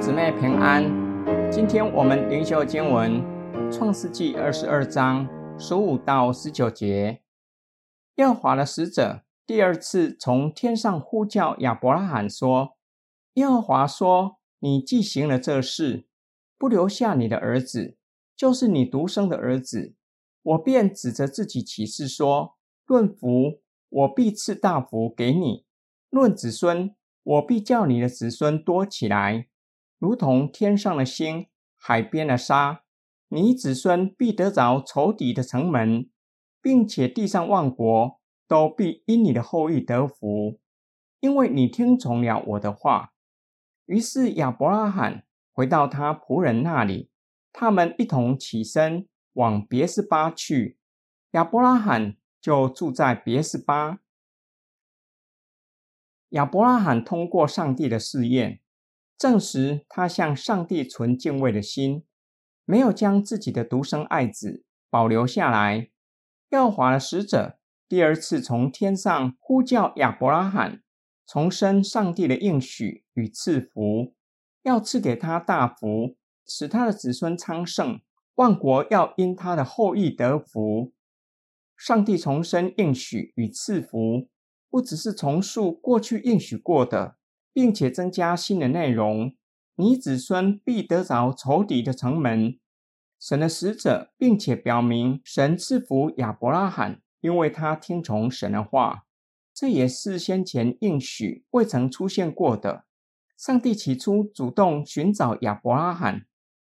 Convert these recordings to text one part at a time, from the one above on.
姊妹平安，今天我們靈修經文《創世記》二十二章十五到十九節。耶和華的使者第二次從天上呼叫亞伯拉罕說：“耶和華說，你既行了這事，不留下你的兒子，就是你獨生的兒子，我便指着自己起誓說：論福，我必賜大福給你；論子孫，我必叫你的子孫多起來。”如同天上的星，海邊的沙，你子孫必得着仇敵的城門，並且地上萬國都必因你的後裔得福，因為你聽從了我的話。於是亞伯拉罕回到他僕人那裡，他們一同起身往別是巴去。亞伯拉罕就住在別是巴。亞伯拉罕通過上帝的試驗，證實他向上帝存敬畏的心，沒有將自己的獨生愛子保留下來。耶和華的使者第二次從天上呼叫亞伯拉罕，重申上帝的應許與賜福，要賜給他大福，使他的子孫昌盛，萬國要因他的後裔得福。上帝重申應許與賜福，不只是重述過去應許過的。並且增加新的內容，你子孫必得着仇敵的城門。神的使者，並且表明神賜福亞伯拉罕，因為他聽從神的話。這也是先前應許未曾出現過的。上帝起初主動尋找亞伯拉罕，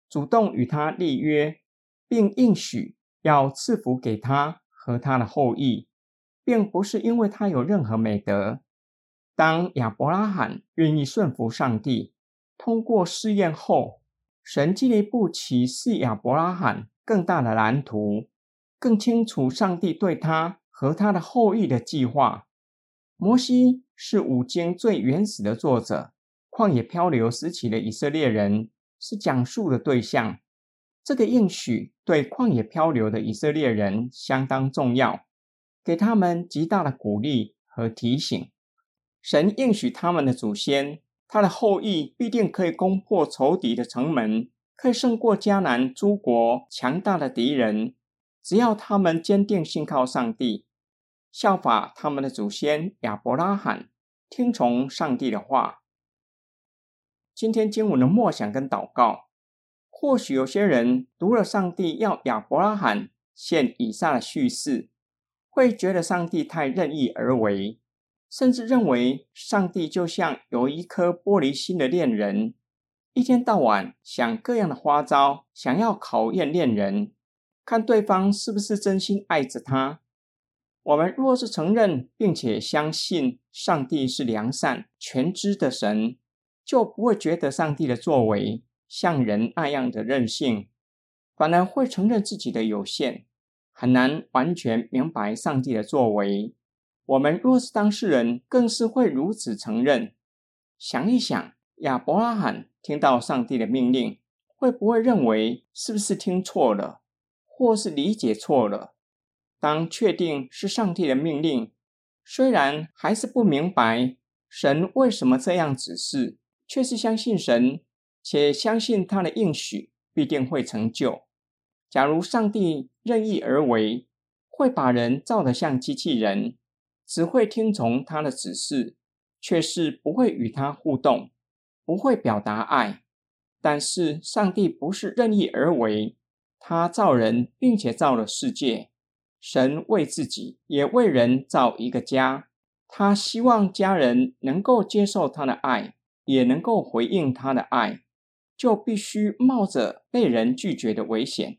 主動與他立約，並應許要賜福給他和他的後裔，並不是因為他有任何美德。當亞伯拉罕願意順服上帝，通過試驗後，神進一步啟示亞伯拉罕更大的藍圖，更清楚上帝對他和他的後裔的計劃。摩西是五經最原始的作者，曠野漂流時期的以色列人是講述的對象。這個應許對曠野漂流的以色列人相當重要，給他們極大的鼓勵和提醒。神應許他們的祖先，他的後裔必定可以攻破仇敵的城門，可以勝過迦南諸國強大的敵人。只要他們堅定信靠上帝，效法他們的祖先亞伯拉罕，聽從上帝的話。今天經文的默想跟禱告，或許有些人讀了上帝要亞伯拉罕獻以撒的敘事，會覺得上帝太任意而為。甚至認為上帝就像有一顆玻璃心的戀人，一天到晚想各樣的花招，想要考驗戀人，看對方是不是真心愛着他。我們若是承認並且相信上帝是良善、全知的神，就不會覺得上帝的作為像人那樣的任性，反而會承認自己的有限，很難完全明白上帝的作為。我們若是當事人，更是會如此承認。想一想，亞伯拉罕聽到上帝的命令，會不會認為是不是聽錯了，或是理解錯了？當確定是上帝的命令，雖然還是不明白神為什麼這樣指示，卻是相信神，且相信他的應許必定會成就。假如上帝任意而為，會把人造得像機器人。只會聽從他的指示，卻是不會與他互動，不會表達愛。但是上帝不是任意而為，他造人，并且造了世界。神為自己也為人造一個家，他希望家人能夠接受他的愛，也能夠回應他的愛，就必須冒着被人拒絕的危險。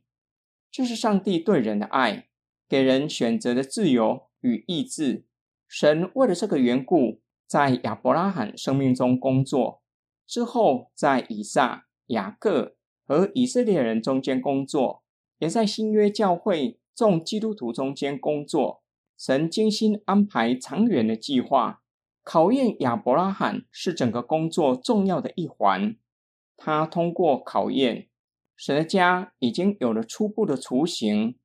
這、就是上帝對人的愛，給人選擇的自由與意志。神為了這個緣故，在亞伯拉罕生命中工作，之後在以撒、雅各和以色列人中間工作，也在新約教會眾基督徒中間工作。神精心安排長遠的計劃，考驗亞伯拉罕是整個工作重要的一環。他通過考驗，神的家已經有了初步的雛形，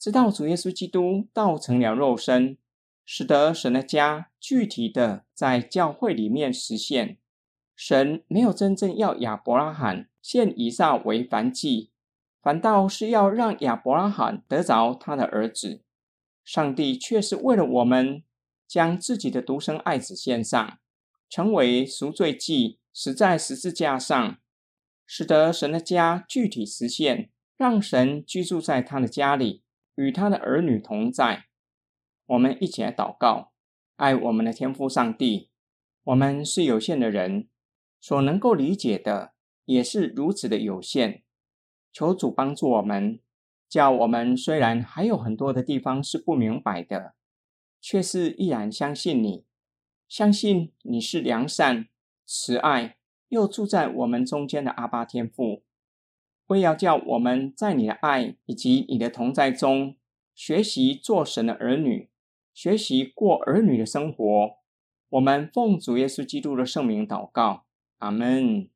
直到主耶穌基督道成了肉身。使得神的家具體地在教會裡面實現。神沒有真正要亞伯拉罕獻以撒為燔祭，反倒是要讓亞伯拉罕得着他的兒子。上帝卻是為了我們，將自己的獨生愛子獻上，成為贖罪祭，死在十字架上，使得神的家具體實現，讓神居住在他的家裡，與他的兒女同在。我們一起來禱告，愛我們的天父上帝。我們是有限的人，所能夠理解的也是如此的有限。求主幫助我們，叫我們雖然還有很多的地方是不明白的，卻是依然相信你，相信你是良善、慈愛又住在我們中間的阿爸天父。為要叫我們在你的愛以及你的同在中，學習做神的兒女。學習過兒女的生活，我們奉主耶穌基督的聖名禱告，阿門。